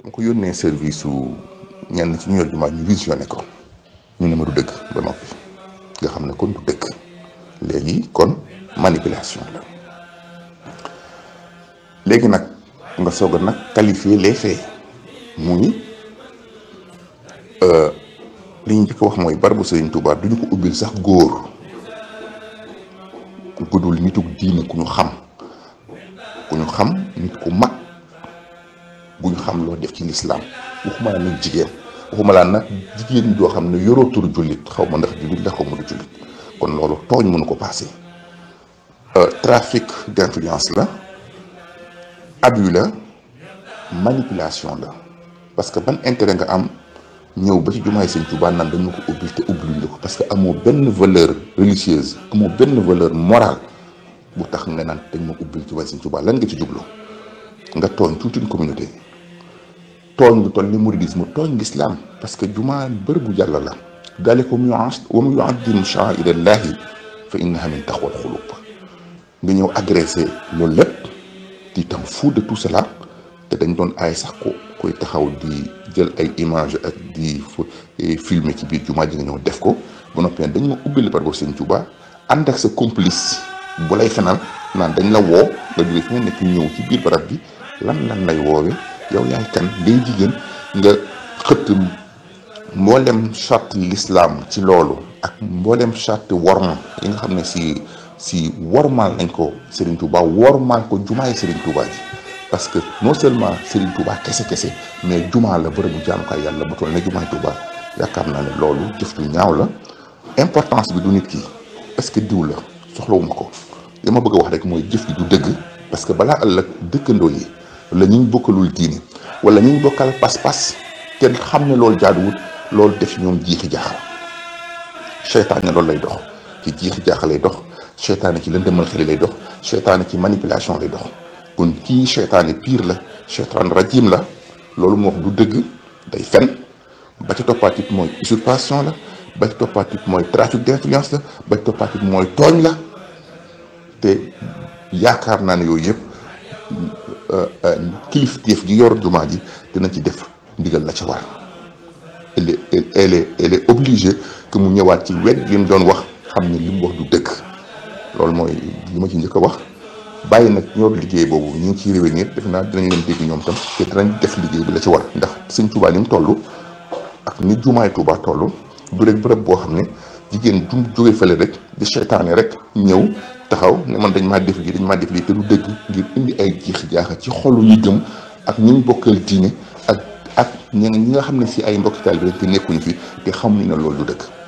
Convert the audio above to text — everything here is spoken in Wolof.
dama ko yónnee service su ñan ci ñu yor jumaa ñu visionné ko ñu ne ma du dëgg nga xam ne kon du dëgg léegi kon manipulation la léegi nag nga soog a nag qualifier les faits muy euh, li ñu njëkk wax mooy barabu Serigne Touba du ñu ko ubbil sax góor gudul nituk diine ku ñu xam ku ñu xam nit ku mag. bu ñu xam loo def ci lislaam waxuma nag jigéen waxuma laa nag jigéen doo xam ne yorootul jullit xaw ma ndax jullit la xaw ma du jullit kon loolu tooñ mënu ko paase euh, trafic d'influence la abus la manipulation la parce que ban intérêt nga am ñëw ba ci jumaay Sëñ Tuubaa naan dañu ko ubbil te ubbiluñ la ko parce que amoo benn valeur religieuse amoo benn valeur morale bu tax nga naan dañ ma ubbil jumaay Sëñ Tuubaa lan nga ci jublu nga tooñ toute une tooñ lu toll ni mouridisme tooñ lislaam parce que jumaa bërëbu yàlla la daalika wa man yu'azzim sha'a'ira llaahi fa innaha min taqwal quluub nga ñëw agressé loolu lépp di tam fou de tout te dañ doon ay sax ko koy taxaw di jël ay image ak di filmer ci biir jumaa ji nga ñëw def ko ba noppi dañ ma ubbi la par rapport Sëñ Tuubaa ànd ak sa complice bu lay fenal naan dañ la woo nga jóge fi nga nekk ñëw ci biir barab bi lan lan lay woowee yow yaay kan day jigéen nga xëpp mboolem charte lislaam ci loolu ak mboolem charte worma yi nga xam ne si si wormaal nañ ko Serigne Touba wormaal ko jumaay Serigne Touba ji parce que non seulement Serigne Touba kese kese mais jumaa la bërëbu jaamukaay yàlla bu toll ne jumaay Touba yaakaar naa ne loolu jëf ju ñaaw la importance bi du nit ki parce que diw la soxlawuma ko li bëgg a wax rek mooy jëf ji du dëgg parce que balaa ëllëg dëkkandoo yi. wala ñu bokkalul diine wala ñu bokkal pas-pas kenn xam ne loolu jaaduwut loolu def ñoom jiixi jaaxal seytaane loolu lay dox ci jiixi jaaxal lay dox seytaane ci lëndëmal xel lay dox seytaane ci manipulation lay dox kon kii seytaane pire la seytaane rajim la loolu moo wax du dëgg day fen ba ci toppaatit mooy usurpation la ba ci toppaatit mooy trafic d'influence la ba ci toppaatit mooy tooñ la te yaakaar naa ne yooyu yëpp Euh, euh, kilifteef gi yor jumaa ji dina ci def ndigal la ca war elle est elle est elle mu ñëwaat ci wet li mu doon wax xam ne li mu wax du dëkk loolu mooy li ci njëkk wax bàyyi nag ñor liggéey boobu ñu ngi ciy réunir def naa dinañ leen dégg ñoom tam te dinañ def liggéey bi la ci war ndax sëñ Tuubaa ni mu toll ak ni jumaay Tuubaa toll du rek bërëb boo xam ne jigéen du jóge fële rek di seytaane rek ñëw taxaw ne man dañ maa def lii dañ maa def lii te du dëgg ngir indi ay jiix jaaxa ci xolu ñu gëm ak ñu ñu bokkal diine ak ak ñi nga xam ne si ay mbokki taalibe te nekkuñu fi te xamuñu na lool du dëkk